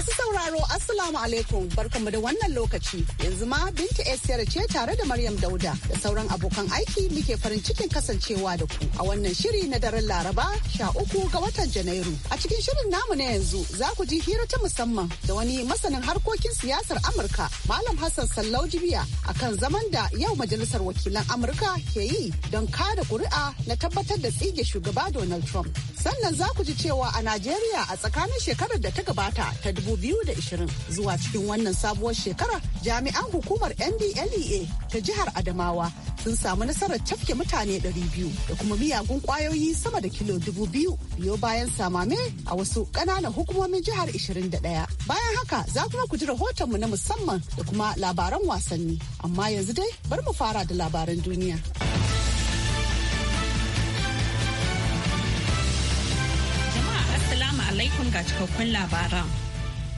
Masu sauraro Assalamu alaikum barkanmu da wannan lokaci yanzu ma Binta Esiyar ce tare da Maryam Dauda da sauran abokan aiki muke farin cikin kasancewa da ku a wannan shiri na daren Laraba sha uku ga watan Janairu. A cikin shirin namu na yanzu za ku ji hira ta musamman da wani masanin harkokin siyasar Amurka Malam Hassan Sallau Jibiya akan zaman da yau Majalisar Wakilan Amurka ke yi don kada kuri'a na tabbatar da tsige shugaba Donald Trump. Sannan za ku ji cewa a Najeriya a tsakanin shekarar da ta gabata ta dubu 2020 zuwa cikin wannan sabuwar shekara jami'an hukumar ndlea ta jihar adamawa sun samu nasarar cafke mutane 200 da kuma miyagun kwayoyi sama da kilo 2000 biyo bayan samame a wasu ƙananan hukumomin jihar 21 bayan haka za kuma ku ji rahotonmu na musamman da kuma labaran wasanni amma yanzu dai bar mu fara da labaran duniya. jama'a alaikum ga cikakkun labaran.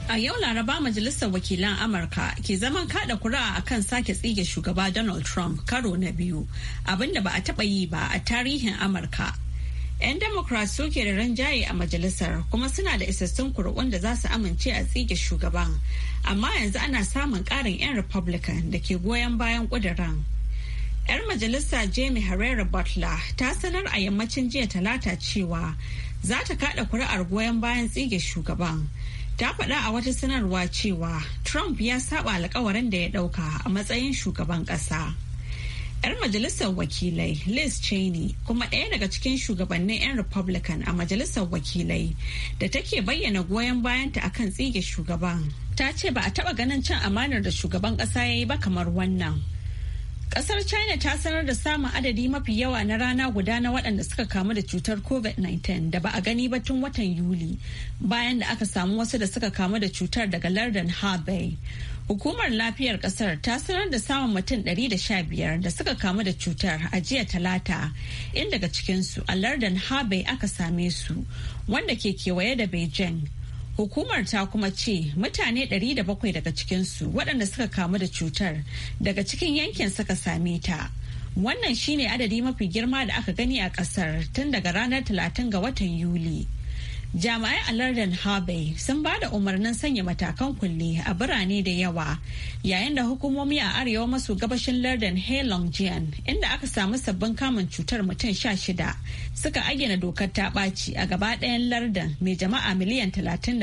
A yau Laraba Majalisar Wakilan Amurka ke zaman kada kura a kan sake tsige shugaba Donald Trump karo na biyu, abinda ba a taɓa yi ba a tarihin Amurka. 'Yan Democrat suke da ranjaye a majalisar kuma suna da isassun kuri'un da za su amince a tsige shugaban, amma yanzu ana samun ƙarin 'yan Republican da ke goyon bayan ƙuduran. 'Yar majalisa Jamie Herrera Butler ta sanar a yammacin jiya talata cewa za ta kada kuri'ar goyon bayan tsige shugaban. ta faɗa a wata sanarwa cewa trump ya saba alkawarin da ya ɗauka a matsayin shugaban ƙasa. 'yar majalisar wakilai liz cheney kuma ɗaya daga cikin shugabannin 'yan republican a majalisar wakilai da take bayyana goyon bayanta a kan tsige shugaban ta ce ba a taɓa ganin cin amanar da shugaban ƙasa ya yi ba kamar wannan Kasar China ta sanar da samun adadi mafi yawa na rana guda na waɗanda suka kamu da cutar COVID-19 da ba a gani ba tun watan Yuli bayan da aka samu wasu da suka kamu da cutar daga lardin Hebei. Hukumar lafiyar kasar ta sanar da samun mutum 115 da suka kamu da cutar a jiya talata inda daga cikinsu a lardin Hebei aka same su wanda ke kewaye da Beijing. Hukumar ta kuma ce mutane 700 daga cikinsu waɗanda suka kamu da cutar daga cikin yankin suka same ta. Wannan shine adadi mafi girma da aka gani a ƙasar tun daga ranar 30 ga watan Yuli. jami'ai a lardin harvey sun ba da umarnin sanya matakan kulle a birane da yawa yayin da hukumomi a arewa maso gabashin lardin heilongjian inda aka samu sabbin kamun cutar mutum sha shida suka ayyana dokar ta ɓaci a gaba ɗayan lardin mai jama'a miliyan 37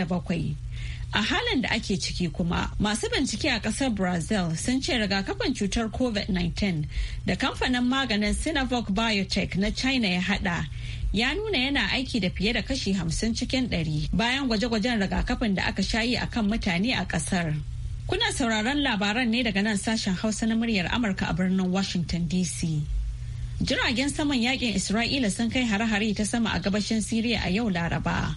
a halin da ake ciki kuma masu bincike a kasar brazil sun ce rigakafin cutar covid-19 da kamfanin maganin sinovac biotech na china ya hada ya nuna yana aiki da fiye da kashi hamsin cikin ɗari bayan gwaje-gwajen rigakafin da aka shayi a kan mutane a ƙasar. Kuna sauraron labaran ne daga nan sashen Hausa na muryar Amurka a birnin Washington DC. Jiragen saman yakin Isra'ila sun kai hare-hare ta sama a gabashin Siriya a yau Laraba.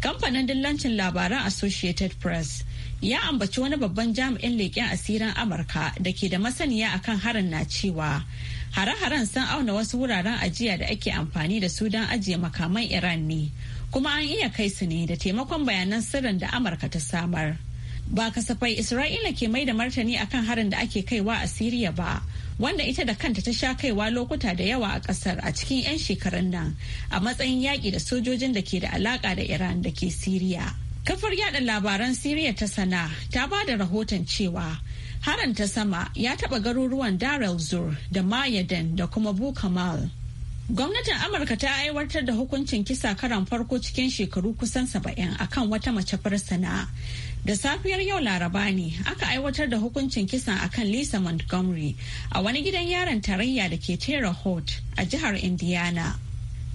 Kamfanin dillancin labaran Associated Press ya ambaci wani babban jami'in leƙen asirin Amurka da ke da masaniya akan harin na cewa Hare-haren sun auna wasu wuraren ajiya da ake amfani da su don ajiye makaman Iran ne, kuma an iya kai su ne da taimakon bayanan sirrin da Amurka ta samar. Ba kasafai Isra'ila ke mai da martani akan harin da ake kaiwa a Siriya ba, wanda ita da kanta ta sha kaiwa lokuta da yawa a kasar a cikin 'yan shekarun nan a matsayin yaƙi da sojojin da ke da alaƙa da Iran da ke Siriya. Kafar yada labaran Siriya ta sana ta ba da rahoton cewa Harin ta sama ya taɓa garuruwan Darel Zur da Mayaden da kuma Bukamal. Gwamnatin Amurka ta aiwatar da hukuncin kisa karan farko cikin shekaru kusan saba'in akan wata mace sana'a. Da safiyar yau Laraba ne aka aiwatar da hukuncin kisan akan Lisa Montgomery a wani gidan yaron tarayya da ke Terre Haute a jihar Indiana.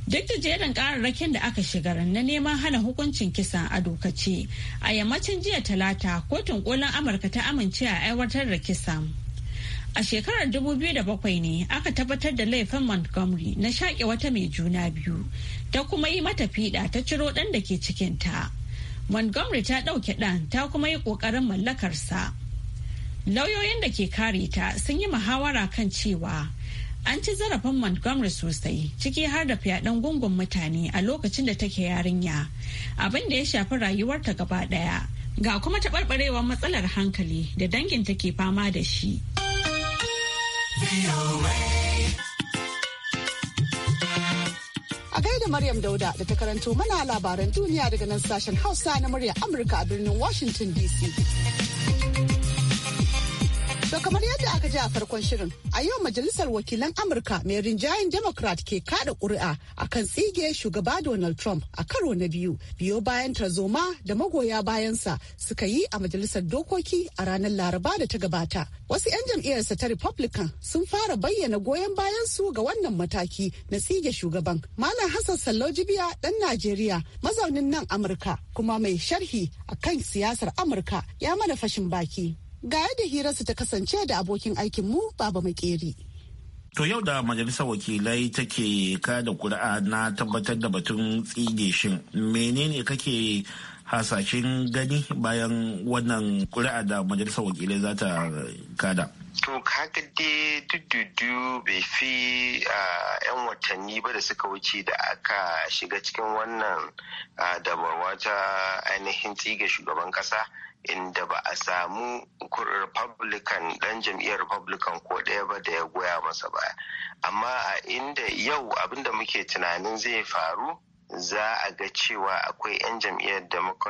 Duk da jerin kararrakin da aka shigar na neman hana hukuncin kisa a dokace, a yammacin jiya talata kotun kolin Amurka ta amince a aiwatar da kisa. A shekarar 2007 ne aka tabbatar da laifin Montgomery na shaƙe wata mai juna biyu, ta kuma yi mata fiɗa ta ciro ɗan da ke cikinta. Montgomery ta ɗauke ɗan ta kuma yi ƙoƙarin mallakarsa. Lauyoyin da ke kare ta sun yi muhawara kan cewa An ci zarafin Montgomery sosai ciki har da fyaɗen gungun mutane a lokacin da take yarinya abin da ya shafi rayuwarta gaba ɗaya ga kuma taɓarɓarewar matsalar hankali da dangin take fama da shi. A gaida Maryam Dauda da ta karanto mana labaran duniya daga nan sashen Hausa na murya Amurka a birnin Washington DC. To kamar yadda aka ji a farkon shirin, a yau Majalisar Wakilan Amurka mai rinjayen Democrat ke kada ƙuri'a a kan tsige shugaba Donald Trump a karo na biyu, biyo bayan tarzoma da magoya bayansa suka yi a Majalisar Dokoki a ranar Laraba da ta gabata. Wasu 'yan jam'iyyarsa ta Republican sun fara bayyana goyon bayansu ga wannan mataki na tsige shugaban. Malam Hassan Sallau Jibiya ɗan Najeriya mazaunin nan Amurka kuma mai sharhi akan siyasar Amurka ya mana fashin baki. Ga yadda hirarsu ta kasance da abokin aikinmu Baba Makeri. To yau da majalisar wakilai take kada kuri'a na tabbatar da batun tsige shin menene kake hasashen gani bayan wannan kuri'a da majalisar wakilai za ta kada? To kaga dai dududu bai fi yan watanni ba da suka wuce da aka shiga cikin wannan da ta ainihin tsige shugaban kasa. inda ba a samu republican dan jam'iyyar republican ko ɗaya ba da ya goya masa ba amma a inda yau abinda muke tunanin zai faru za a ga cewa akwai 'yan jam'iyyar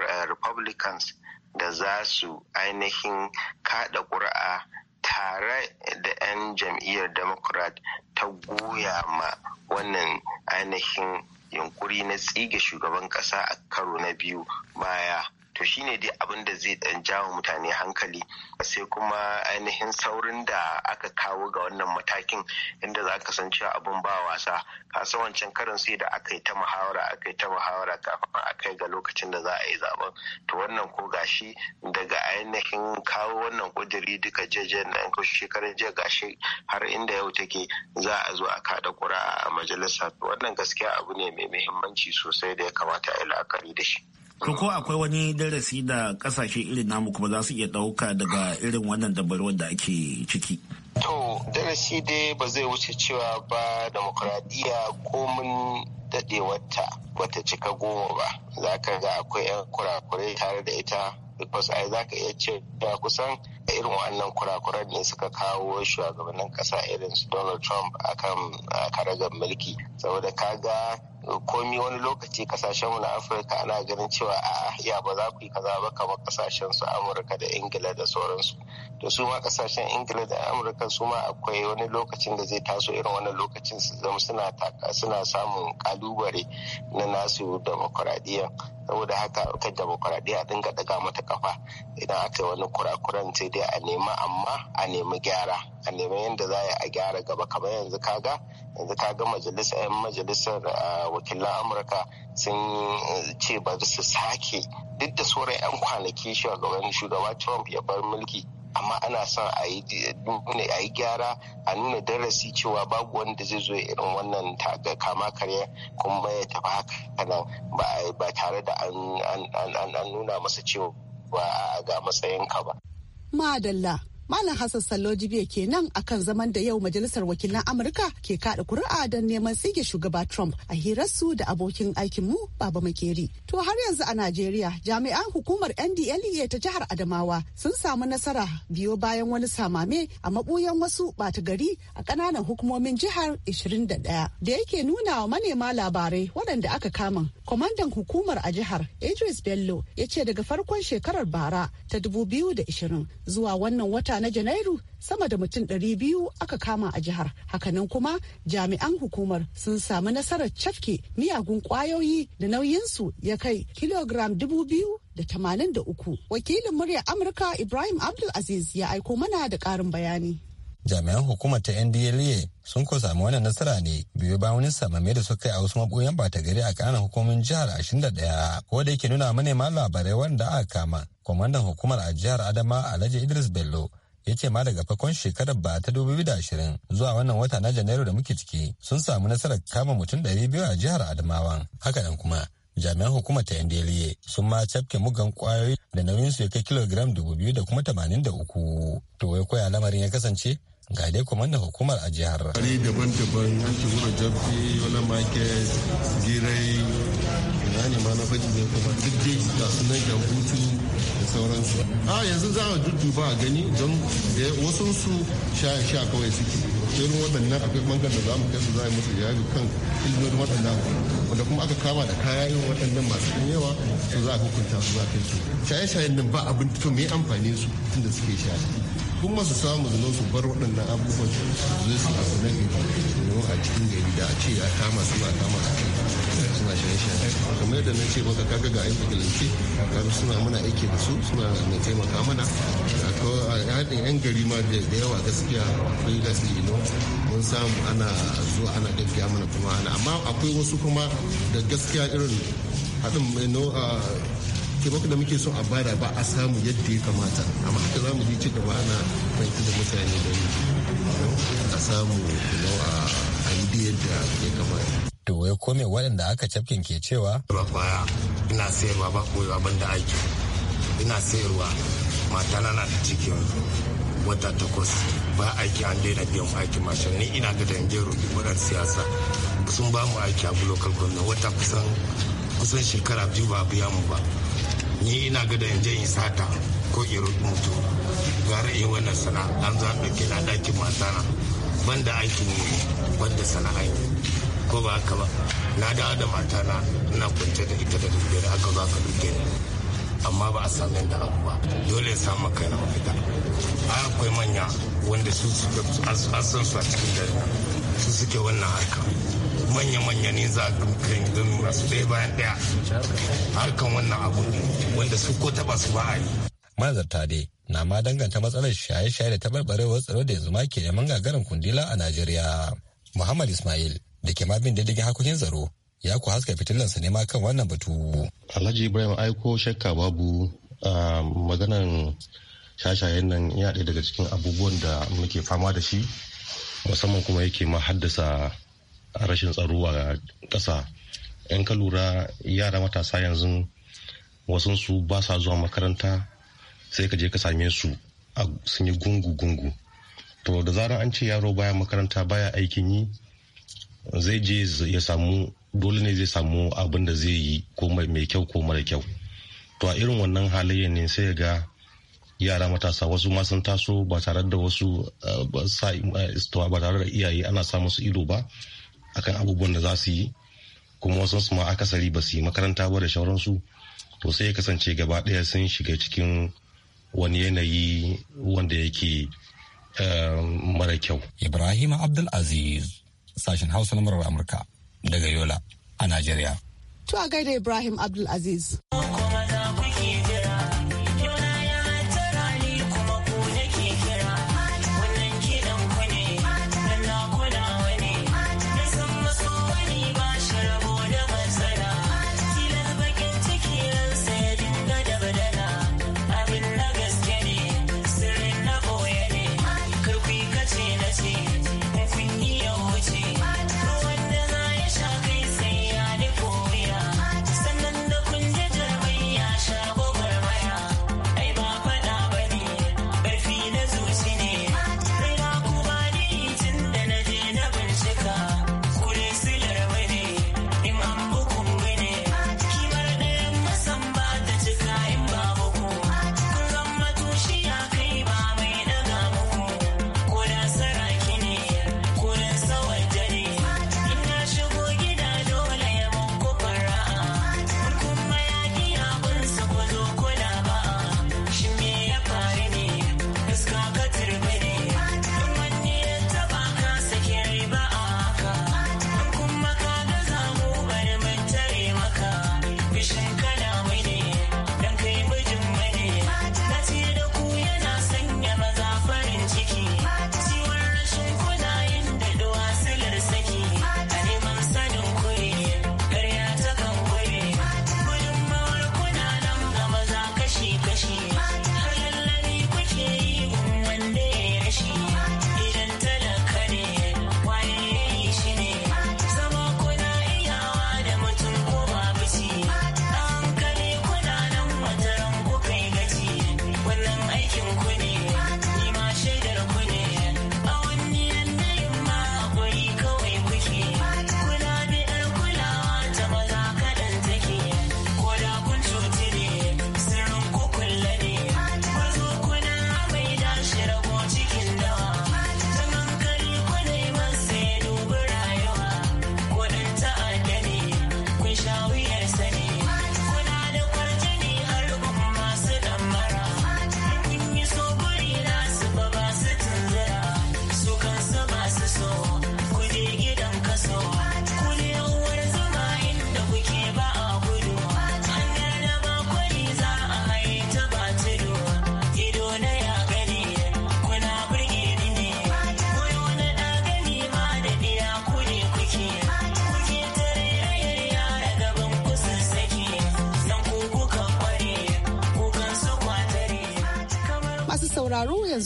eh, republicans da za su ainihin kada ƙuri'a tare da 'yan jam'iyyar democrat ta goya ma wannan ainihin yunkuri na tsige shugaban ƙasa a karo na biyu baya to shine dai abin da zai dan jawo mutane hankali sai kuma ainihin saurin da aka kawo ga wannan matakin inda za ka san cewa abin ba wasa kasan wancan karin sai da aka yi ta muhawara aka yi ta muhawara kafin a kai ga lokacin da za a yi zaben to wannan ko gashi daga ainihin kawo wannan kudiri duka jeje na ko shekarun jiya gashi har inda yau take za a zo a kada kura a majalisa wannan gaskiya abu ne mai muhimmanci sosai da ya kamata a yi la'akari da shi To ko akwai wani darasi da kasashe irin namu kuma za su iya ɗauka daga irin wannan dabarwar da ake ciki? To darasi dai ba zai wuce cewa ba mun komin wata wata cika goma ba. Za ka ga akwai 'yan kurakurai tare da ita because ai za ka iya ce da kusan irin wannan kurakuran ne suka kawo shugabannin ƙasa irin su Donald Trump akan karagar mulki saboda kaga komi wani lokaci kasashen mu na afirka ana ganin cewa a ya ba za ku yi kaza ba kamar kasashen su amurka da ingila da sauransu to su ma kasashen ingila da amurka su ma akwai wani lokacin da zai taso irin wannan lokacin su zama suna suna samun kalubare na nasu demokuraɗiyya saboda haka ita demokuraɗiyya dinga ɗaga mata kafa idan aka yi wani kurakuran sai dai a nema amma a nemi gyara a nemi yadda za a gyara gaba kamar yanzu kaga yanzu kaga majalisar yan ah, majalisar wakilan amurka sun ce ba su sake duk da sauran yan kwanaki shugaban shugaba trump ya bar mulki amma ana son a yi gyara a nuna darasi cewa babu wanda zai zo irin wannan taga kama karya kuma ya tafi haka nan ba tare da an nuna masa cewa ga matsayinka ba. Madalla Malam Hassan Sallo Jibiya kenan akan zaman da yau Majalisar Wakilan Amurka ke kada kuri'a don neman tsige shugaba Trump a hirarsu da abokin aikinmu Baba Makeri. To har yanzu a Najeriya jami'an hukumar NDLEA ta jihar Adamawa sun samu nasara biyo bayan wani samame a mabuyan wasu bata gari a ƙananan hukumomin jihar 21 da yake nuna wa manema labarai waɗanda aka kama. Kwamandan hukumar a jihar Idris Bello ya ce daga farkon shekarar bara ta 2020 zuwa wannan wata na janairu sama da mutum 200 aka kama a jihar hakanan kuma jami'an hukumar sun samu nasarar cafke miyagun kwayoyi da nauyinsu ya kai kilogram 2,083 wakilin muryar amurka ibrahim abdulaziz ya aiko mana da karin bayani jami'an hukumar ta ndla sun ko sami wannan nasara ne biyu bayan wani samame da suka yi a wasu maboyan ta gari a kanan hukumomin jihar 21 ko da yake nuna manema labarai wanda aka kama kwamandan hukumar a jihar adama alhaji idris bello ya ce ma daga fakon shekarar ba ta ashirin zuwa wannan wata na janairu da muke ciki sun samu nasarar kama mutum ɗari biyu a jihar adamawa. haka nan kuma jami'an hukumar ta yandeliye sun ma cafke mugan kwayoyi da nauyin su ya kai kilogram dubu biyu da kuma tamanin da uku to wai koya lamarin ya kasance ga dai kwamandan hukumar a jihar. Kari daban-daban yanki wura jabi wani market girai na ma na fadi ne kuma duk dai ga sunan hutu sauransu a yanzu za a dudduba a gani don eh, wasu su sha kawai suke irin waɗannan akwai bangar da za mu kai su za a yi musu yari kan ilimin waɗannan wanda kuma aka kama da kaya irin waɗannan masu yawa su za a hukunta su za a kai su shaye-shayen nan ba abin to me amfani su tun da suke shaye kuma su samu zanen su bar waɗannan abubuwan su zai su abu na domin a cikin gari da a ce a kama su ba kama su suna shaye-shaye kamar yadda na ce maka kaga ga aiki galanci kaga suna mana aiki da su suna mai taimaka mana a yan gari ma da yawa gaskiya akwai gasli no mun samu ana zuwa ana gaskiya mana kuma ana amma akwai wasu kuma da gaskiya irin haɗin mai no taimakon da muke so a bada ba a samu yadda ya kamata amma haka za mu ji ci gaba ana banki da mutane da a samu a yi yadda ya kamata to wai kome waɗanda aka cafkin ke cewa ba kwaya ina sayarwa ba koyewa ban da aiki ina sayarwa mata na da ciki yanzu wata takwas ba aiki an daina biyan aiki mashin ni ina da dangin roƙi waɗan siyasa sun ba mu aiki a lokal gwamna wata kusan kusan shekara biyu ba biya mu ba ni ina ga da yanzu in sata ko in mutu gara in wannan sana' an za ɗauke na ɗakin matana banda aikin yi banda sana'a ko ba haka ba na da da matana ina kwance da ita da da aka zo ka ɗauke amma ba a samu da abu ba dole ya samu kai na mafita akwai manya wanda su suke an san su a cikin dare su suke wannan harka manya-manya ne za a kan gano masu ɗaya bayan ɗaya harkan wannan abu wanda su ko taba su ba a yi. Manzarta dai na ma danganta matsalar shaye-shaye da taɓarɓarewar tsaro da yanzu ma ke neman gagarin kundila a Najeriya. Muhammad Ismail da ke ma bin diddigin harkokin tsaro ya ku haska fitilan ne ma kan wannan batu. Alhaji Ibrahim Aiko shakka babu maganan shashayen nan ya ɗaya daga cikin abubuwan da muke fama da shi musamman kuma yake ma haddasa A rashin tsaro a ƙasa in ka lura yara matasa yanzu wasu su ba sa zuwa makaranta sai ka je ka same su sun yi gungu-gungu to da zarar an ce yaro baya makaranta baya aikin yi zai je ya samu dole ne zai samu abin da zai yi ko mai kyau ko mara kyau to a irin wannan halayya ne sai ga yara matasa wasu ma sun taso ba tare da wasu eh, eh, ba tare da iyaye ana sa musu ido ba akan abubuwan da za su yi kuma wasu su ma akasari ba su yi makaranta ba da shauransu to sai ya kasance gaba ɗaya sun shiga cikin wani yanayi wanda yake eh, mara kyau. Ibrahim Abdulaziz sashen Hausa na murar Amurka daga Yola a Najeriya. To a gaida Ibrahim Abdulaziz. Aziz.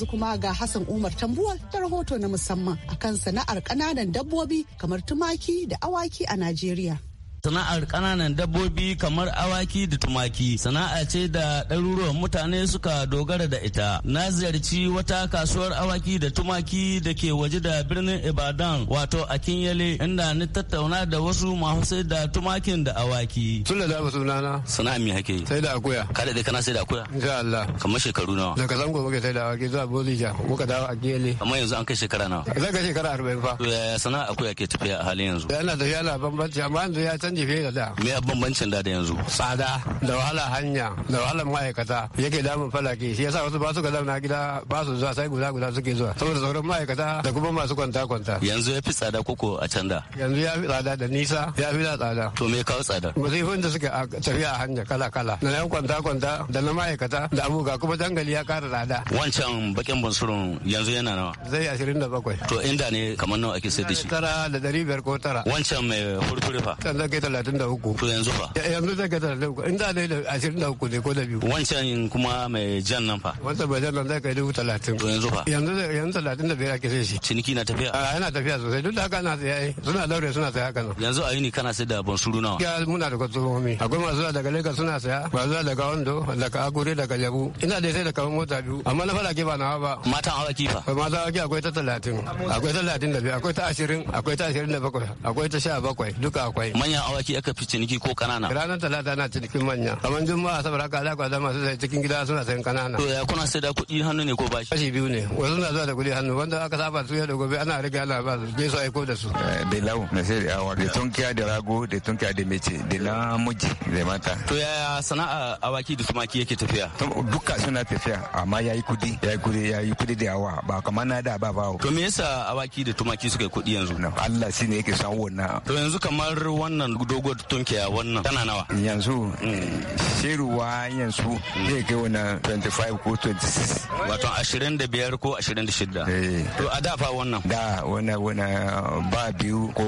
yanzu kuma ga Hassan Umar Tambuwal da rahoto na musamman a kan sana'ar ƙananan dabbobi kamar tumaki da awaki a Najeriya. sana'ar ƙananan dabbobi kamar awaki da tumaki sana'a ce da ɗaruruwan mutane suka dogara da ita na ziyarci wata kasuwar awaki da tumaki da ke waje da birnin ibadan wato a kinyale inda ni tattauna da wasu masu sai da tumakin da awaki tun da dama sunana sana'a me hake sai da akuya ka da kana sai da akuya insha Allah kamar shekaru nawa daga zango muke sai da awaki zuwa bolija muka dawo a kinyale amma yanzu an kai shekara nawa zan kai shekara 40 fa to yaya sana'a akuya ke tafiya a halin yanzu yana da yana bambanci amma yanzu ya canji fiye da da. Me bambancin da da yanzu? Tsada da wahala hanya da wahala ma'aikata yake damun falaki shi yasa wasu ba su ga na gida ba su zuwa sai guda guda suke zuwa saboda sauran ma'aikata da kuma masu kwanta kwanta. Yanzu ya fi tsada koko a can da. Yanzu ya fi tsada da nisa ya fi da tsada. To me kawo tsada? Masifin da suke tafiya a hanya kala kala da yan kwanta kwanta da na ma'aikata da abubuwa kuma dangali ya kara tsada. Wancan bakin bansurun yanzu yana nawa? Zai ashirin da bakwai. To inda ne kamar nawa ake sai da shi? Tara da dari biyar ko tara. Wancan mai furfurfa. Sannan talatin da uku. To yanzu fa? Yanzu zai kai talatin da uku. In za da dai ashirin da uku ne ko da biyu. Wancan kuma mai jan nan fa? Wancan mai jan nan zai kai dubu talatin. To yanzu fa? Yanzu zai yanzu talatin da biyar ake sai shi. Ciniki na tafiya? Ah, yana tafiya sosai duk da haka na tsaye eh, suna daure suna tsaye haka nan. Yanzu a yini kana sai da bansuru nawa? Ya muna da kwastomomi. Akwai masu daga Lagos suna saya, Ba zuwa daga Ondo, daga Akure, daga Jabu. Ina da sai da kamar mota biyu. Amma na fara ke ba nawa ba. Matan hawa awaki fa? Eh, matan awaki akwai ta talatin, akwai talatin da biyu, akwai ta ashirin, akwai ta ashirin da bakwai, akwai ta sha bakwai, duka akwai. Manyan awaki aka fi ciniki ko kanana ranar talata na cinikin manya kamar juma'a saboda haka alaƙa da masu sai cikin gida suna sayan kanana to ya kuna sai da kuɗi hannu ne ko bashi kashi biyu ne wasu na zuwa da kuɗi hannu wanda aka saba su yau da gobe ana riga ana ba su su aiko da su eh, da lau na sai da awa da tunkiya da rago da tunkiya da mece da lamuji da mata to yaya sana'a awaki da tumaki yake tafiya duka suna tafiya amma ya yi kuɗi ya yi kudi ya yi kuɗi da yawa ba kamar na da ba bawo to me yasa awaki da tumaki suka yi kuɗi yanzu Allah shi ne yake san wannan to yanzu kamar wannan dogon tunkiya wannan tana nawa yanzu shiruwa yanzu zai kai wani 25 ko 26 wato 25 ko 26 eh. to a dafa wannan da wani wani ba biyu ko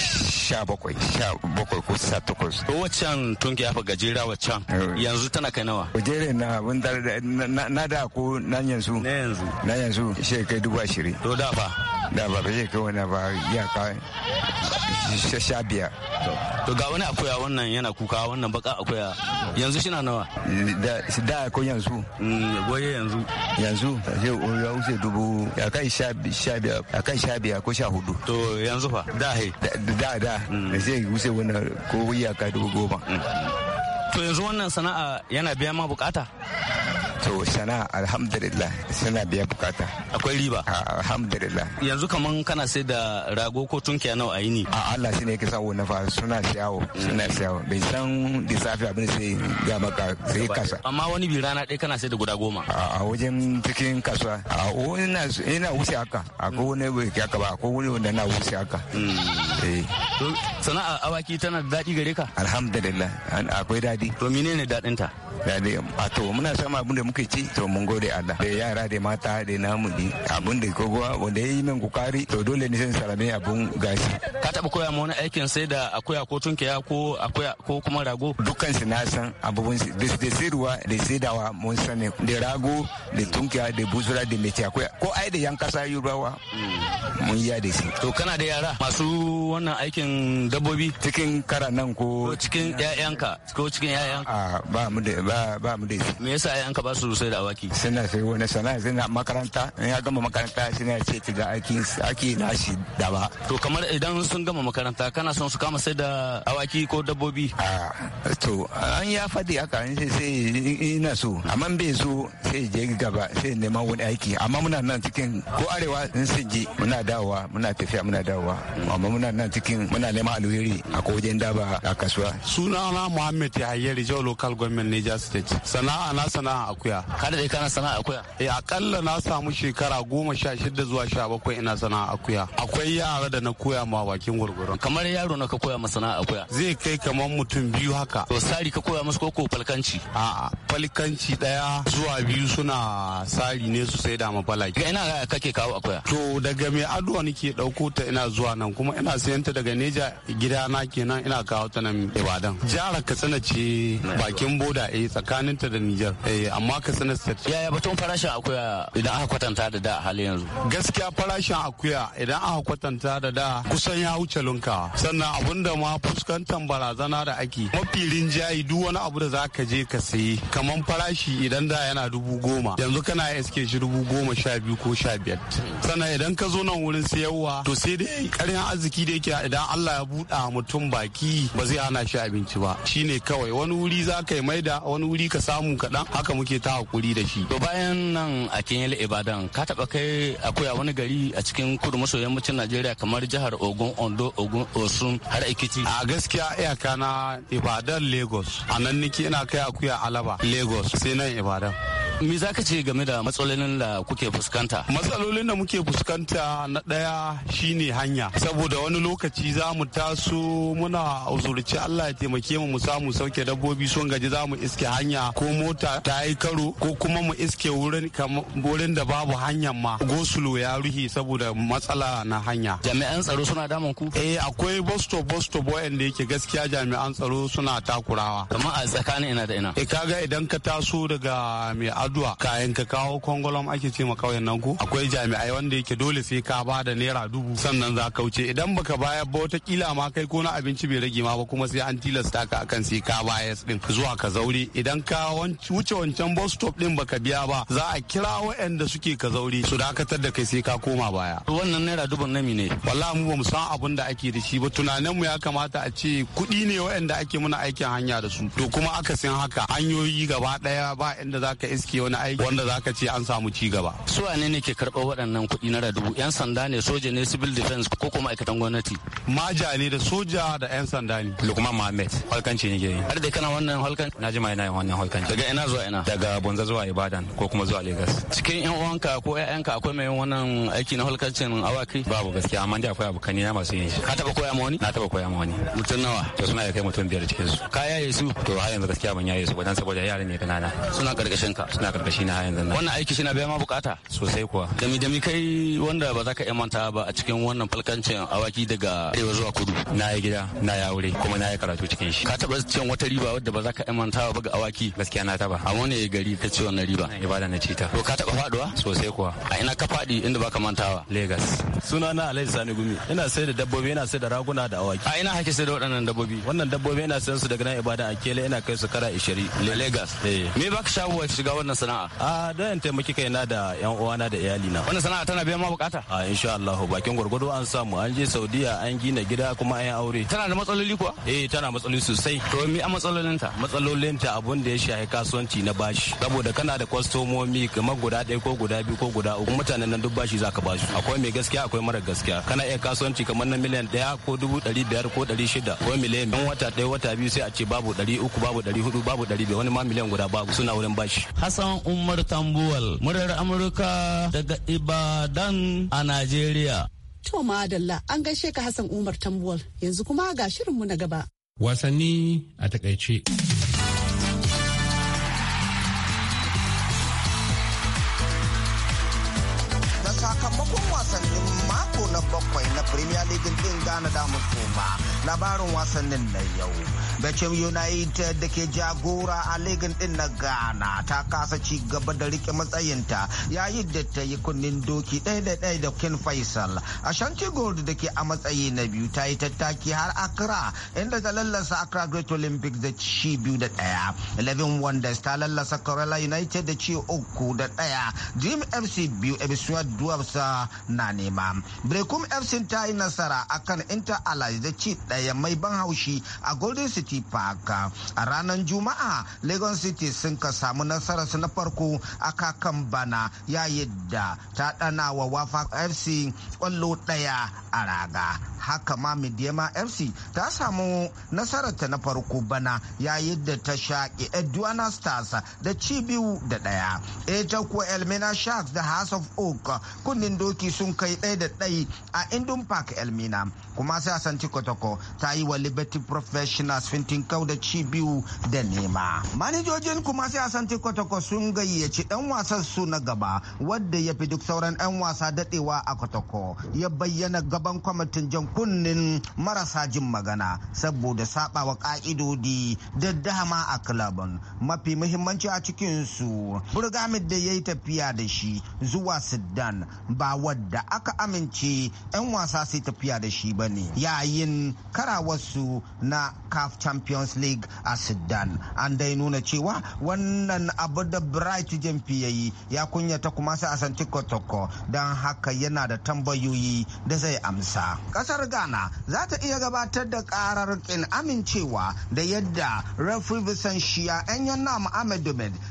sha bakwai sha bakwai ko sha takwas to waccan tunkiya fa gajera waccan eh. yanzu tana kai nawa gajere na abin na da ko nan yanzu na yanzu na yanzu shi kai dubu ashirin to dafa dafa ba zai kai wani ba ya ka sha biya to ga wani akuya wannan yana kuka wannan baka akuya yanzu shi na nawa da ko yanzu goye mm, yanzu yanzu ya wuce dubu ya kai sha biya ko sha hudu to yanzu fa da he da da mm. zai wuce wannan ko wuya ka dubu goma mm. to yanzu wannan sana'a yana biya ma bukata to sana alhamdulillah suna biya bukata akwai riba alhamdulillah yanzu kaman kana sai da rago ko tunkiya nawa a yi ni. a Allah shine yake sawo na fa suna siyawo suna siyawo bai san lissafi abin sai ga maka sai kasa amma wani bi rana dai kana sai da guda goma a wajen cikin kasuwa a wani ina wuce haka akwai wani bai ka ba akwai wani wanda na wuce haka hmm. eh sana'a awaki tana da daɗi gare ka alhamdulillah akwai daɗi to menene daɗin ta daɗi a to muna samun abin da muke ci to mun gode Allah da yara da mata da namu ne abin da kogo wanda yayi yi min kokari to dole ne sai salame abun gashi ka taba koya mu wani aikin sai da akuya ko tunkiya ko akwai ko kuma rago dukkan su na san abubuwan su da sirwa da wa mun sani da rago da tunkiya da busura da mai akuya ko ai da yan kasa yurawa hmm. mun yi da shi to kana da yara masu wannan aikin da dabbobi cikin kara nan ko cikin ƴaƴanka ko cikin ƴaƴan a ba mu da ba ba mu da me yasa ƴaƴanka ba su sai da awaki suna sai wani sana'a suna makaranta in ya gama makaranta suna ce ta aiki aiki na shi da ba to kamar idan sun gama makaranta kana son su kama sai da awaki ko dabbobi a to an ya faɗi haka sai sai ina so amma bai so sai je gaba sai neman wani aiki amma muna nan cikin ko arewa in sun je muna dawowa muna tafiya muna dawowa amma muna nan cikin muna neman alheri a wajen daba a kasuwa. Suna na Muhammad Yahaya Rijau Local Government Niger State. Sana'a na sana'a akuya. Kada dai kana sana'a akuya? Eh akalla na samu shekara goma sha shida zuwa sha bakwai ina sana'a akuya. Akwai yara da na koya ma bakin gurgurun. Kamar yaro na ka koya ma sana'a akuya? Zai kai kamar mutum biyu haka. To sari ka koya musu koko falkanci? A'a falkanci daya zuwa biyu suna sari ne su sai da mafalaki. Ga ina kake kawo akuya? To daga mai aduwa nake dauko ta ina zuwa nan kuma ina sayan ta daga Neja gida na kenan ina kawo ta nan ibadan jihar katsina ce bakin boda a eh, tsakanin ta da nijar eh, amma katsina state yaya batun farashin akuya idan aka kwatanta da da hali yanzu gaskiya farashin akuya idan aka kwatanta da da kusan ya wuce lunka sannan abun da ma fuskantar barazana da ake mafi rinjayi duk wani abu da zaka je ka sayi kamar farashi idan da yana dubu goma yanzu kana iske shi dubu goma sha biyu ko sha biyar sannan idan ka zo nan wurin sayarwa to sai dai karin arziki da yake idan Allah ya bu buɗa mutum baki ba zai hana shi abinci ba shine kawai wani wuri za ka yi maida wani wuri ka samu kaɗan haka muke ta hakuri da shi. To bayan nan a Kenyal Ibadan ka taɓa kai akwai a wani gari a cikin kudu maso yammacin Najeriya kamar jihar Ogun Ondo Ogun Osun har ikiti. A gaskiya iyaka na Ibadan Lagos a nan nake ina kai akuya Alaba Lagos sai nan Ibadan. Me za ka ce game da matsalolin da kuke fuskanta? Matsalolin da muke fuskanta na ɗaya shine hanya. Saboda wani lokaci za mu taso muna uzurci Allah ya taimake mu mu samu sauke dabbobi sun gaji za mu iske hanya ko mota ta yi karo ko kuma mu iske wurin da babu hanya ma gosulo ya ruhi saboda matsala na hanya. Jami'an tsaro suna damun ku? Eh akwai bosto bosto da yake gaskiya jami'an tsaro suna takurawa. Kamar a tsakanin ina da ina. Eh kaga idan ka taso daga mai addu'a kayan ka kawo kongolom ake ce ma kauyen nan ku akwai jami'ai wanda yake dole sai ka ba da naira dubu sannan za ka wuce idan baka bayar ba wata kila ma kai ko na abinci bai rage ma ba kuma sai an tilasta ka akan sai ka bayar din zuwa ka zauri idan ka wuce wancan bus stop din baka biya ba za a kira waɗanda suke ka zaure su dakatar da kai sai ka koma baya wannan naira dubun nami ne wallahi mu bamu san abun da ake da shi ba tunanin mu ya kamata a ce kuɗi ne waɗanda ake muna aikin hanya da su to kuma akasin haka hanyoyi gaba ɗaya ba inda ka iske ke wani aiki wanda za ka ce an samu ci gaba. su wane ne ke karɓar waɗannan kuɗi na dubu yan sanda ne soja ne civil defense ko kuma aikatan gwamnati. maja ne da soja da yan sanda ne. lukman mohammed halkanci ne ke yi. har da kana wannan halkan. na ji ma ina yin wannan halkan. daga ina zuwa ina. daga bonza zuwa ibadan ko kuma zuwa lagos. cikin yan uwanka ko ƴaƴanka akwai mai wannan aiki na halkancin awaki. babu gaskiya amma dai akwai abokani na masu yin shi. ka taɓa koya ma wani. na taɓa koya ma wani. mutum nawa. to suna ya kai mutum biyar cikin su. ka yaye su. to har yanzu gaskiya ban yaye su ba dan saboda yaran ne kanana. suna ƙarƙashin ka. suna yana karkashi na yanzu nan wannan aiki shi na biya ma bukata sosai kuwa dami dami kai wanda ba za ka manta ba a cikin wannan falkancin awaki daga arewa zuwa kudu na yi gida na yi aure kuma na yi karatu cikin shi ka taɓa cin wata riba wadda ba za ka manta ba ga awaki gaskiya na taba a wani gari ka ci wannan riba ibada na ci ta to ka taɓa faɗuwa sosai kuwa a ina ka faɗi inda baka ba. lagos suna na alhaji sani gumi ina sai da dabbobi ina sai da raguna da awaki a ina hake sai da waɗannan dabbobi wannan dabbobi ina sayan su daga nan ibada a kele ina kai su kara ishirin. lagos eh. me ka shawo shiga wannan sana'a a da yan taimaki na da yan uwana da iyalina wannan sana'a tana biyan ma bukata a insha Allah bakin gurgudu an samu an je Saudiya an gina gida kuma an yi aure tana da matsaloli kuwa eh tana matsaloli sosai to mi a matsalolinta matsalolinta abun da ya shafi kasuwanci na bashi saboda kana da kwastomomi kamar guda ɗaya ko guda biyu ko guda uku mutanen nan duk bashi zaka bashi akwai mai gaskiya akwai mara gaskiya kana iya kasuwanci kamar na miliyan ɗaya ko dubu ɗari biyar ko ɗari shida ko miliyan ɗan wata ɗaya wata biyu sai a ce babu ɗari uku babu ɗari hudu babu ɗari biyar wani ma miliyan guda babu suna wurin bashi. Hassan Umar Tambuwal, murar Amurka daga Ibadan a Najeriya. To madalla an gaishe ka Hassan Umar Tambuwal yanzu kuma ga shirinmu na gaba. Wasanni a takaice. Da sakamakon mako na bakwai na Premier League din Ghana da Mutuma labarin wasannin na yau. Bacem United da ke jagora a ligin din na Ghana ta kasa ci gaba da rike matsayinta yayin da ta yi kunnen doki ɗaya da ɗaya da Ken Faisal. Ashanti Gold da ke a matsayi na biyu ta yi tattaki har Accra inda ta lallasa Accra Great Olympic da ci biyu da ɗaya. Eleven Wonders ta lallasa Kerala United da ci uku da ɗaya. Dream FC biyu Ebisuwa Dwarfs na nema. Brekum FC ta yi nasara akan Inter Allies da ci ɗaya mai ban haushi a Golden City city park a ranar juma'a lagos city sun ka samu nasararsu na farko a kakan bana ya da ta dana wa wafa fc kwallo daya a raga haka ma midiyama fc ta samu nasarar ta na farko bana yayin da ta shaƙi edwana stars da cibiyu da daya ta kuwa elmina sharks da house of oak kunnin doki sun kai ɗaya da ɗai a indon park elmina kuma sai a san ta yi wa liberty professionals kafin tinkau da ci biyu da nema manajojin kuma sai asante kotoko sun gayyaci ɗan wasan su na gaba wadda ya fi duk sauran ɗan wasa daɗewa a kotoko ya bayyana gaban kwamitin jan kunnin marasa jin magana saboda sabawa ƙa'idodi da dama a kilabin mafi muhimmanci a cikin su burgamit da ya yi tafiya da shi zuwa sudan ba wadda aka amince ɗan wasa sai tafiya da shi ba ne yayin karawarsu na kaf champions league a sudan an dai nuna cewa wannan abu da bright jamfi ya yi ya kunyata kuma su asanti kotoko don haka yana da tambayoyi da zai amsa kasar ghana za ta iya gabatar da karar kin amincewa da yadda referee vincent shia enyon nam ahmed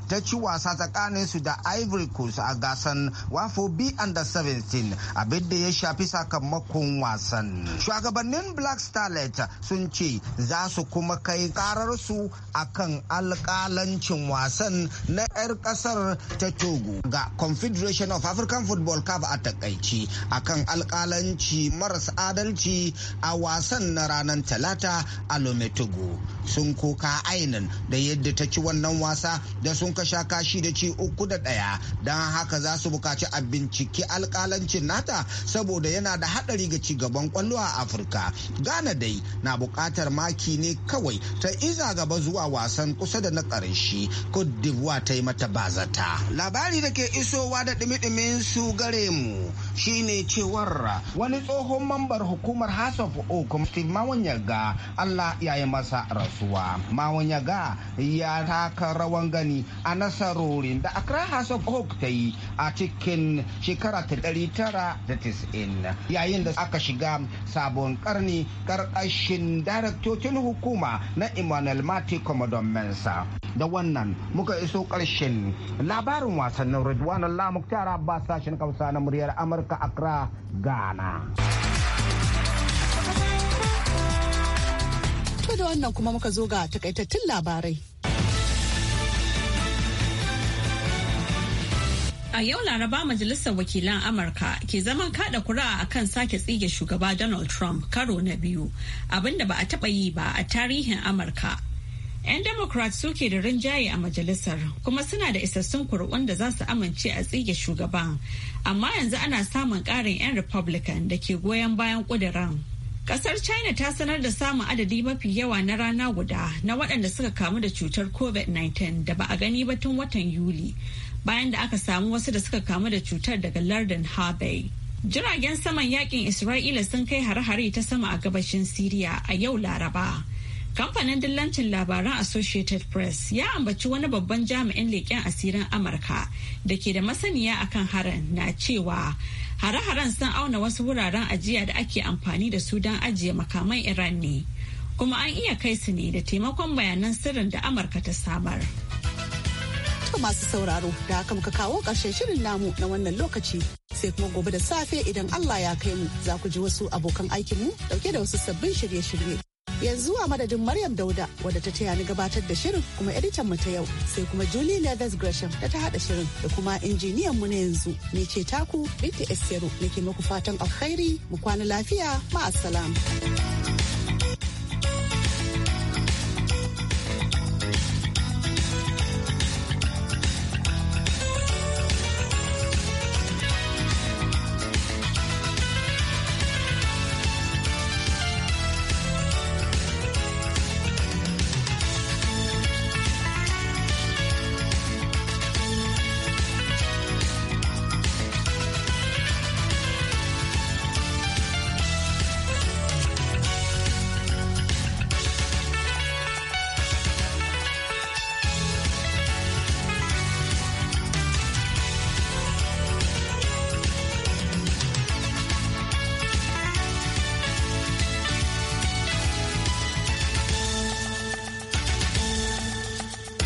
ta ci wasa tsakanin su da ivory coast a gasan wafo b under 17 abin da ya shafi sakamakon wasan shugabannin black starlet sun ce za su kuma kai kararsu kan alkalancin wasan na 'yar kasar ta togo ga confederation of african football cup a takaici akan alkalanci maras adalci a wasan na ranar talata a lome togo sun koka ainin da yadda ta ci wannan wasa da sun kasha kashi da ci uku da ɗaya don haka za su bukaci a binciki alkalancin nata saboda yana da haɗari ga ci gaban kwallo a afirka ghana dai na buƙatar maki ne kawai ta iza gaba zuwa wasan kusa da na ƙarshe cote d'ivoire ta yi mata bazata labari da ke isowa da ɗumi-ɗumin su gare mu shine cewar wani tsohon mambar hukumar House of Oak Steve Mawanyaga Allah ya yi masa rasuwa. Mawanyaga ya taka rawan gani a nasarorin da Accra House of Oak ta yi a cikin shekara ta ɗari tara da tis'in yayin da aka shiga sabon karni ƙarƙashin daraktocin hukuma na Emmanuel Mati Commodore Mensa. Da wannan muka iso ƙarshen labarin wasannin Ridwan Allah Muktar Abbas sashen kausa na muryar Amurka. ka Accra, Ghana. To da wannan kuma muka zo ga takaitattun labarai. A yau Laraba Majalisar Wakilan Amurka ke zaman kada kura a kan sake tsige shugaba Donald Trump karo na biyu, abinda ba a taɓa yi ba a tarihin Amurka 'Yan Democrat suke da rinjaye a majalisar kuma suna da isassun kuri'un da za su amince a tsige shugaban. Amma yanzu ana samun ƙarin 'yan Republican da ke goyon bayan ƙuduran. Ƙasar China ta sanar da samun adadi mafi yawa na rana guda na waɗanda suka kamu da cutar COVID-19 da ba a gani ba tun watan Yuli, bayan da aka samu wasu da suka kamu da cutar daga lardin Harbay. Jiragen saman yakin Isra'ila sun kai hare-hare ta sama a gabashin Siriya a yau Laraba. Kamfanin dillancin labaran Associated Press ya ambaci wani babban jami'in leƙen asirin Amurka da ke da masaniya akan harin na cewa hare-haren sun auna wasu wuraren ajiya da ake amfani da su don ajiye makaman Iran ne, kuma an iya kai su ne da taimakon bayanan sirrin da Amurka ta samar. masu sauraro da haka muka kawo ƙarshen shirin namu na wannan lokaci sai kuma gobe da safe idan Allah ya kai mu za ku ji wasu abokan aikinmu dauke da wasu sabbin shirye-shirye. yanzu a madadin maryam dauda wadda ta taya ni gabatar da shirin kuma editan mu ta yau sai kuma julie leathers gresham da ta hada shirin da kuma injiniyan mu na yanzu ni ce taku binta esteru nake muku fatan alkhairi mu kwana lafiya ma'assalam.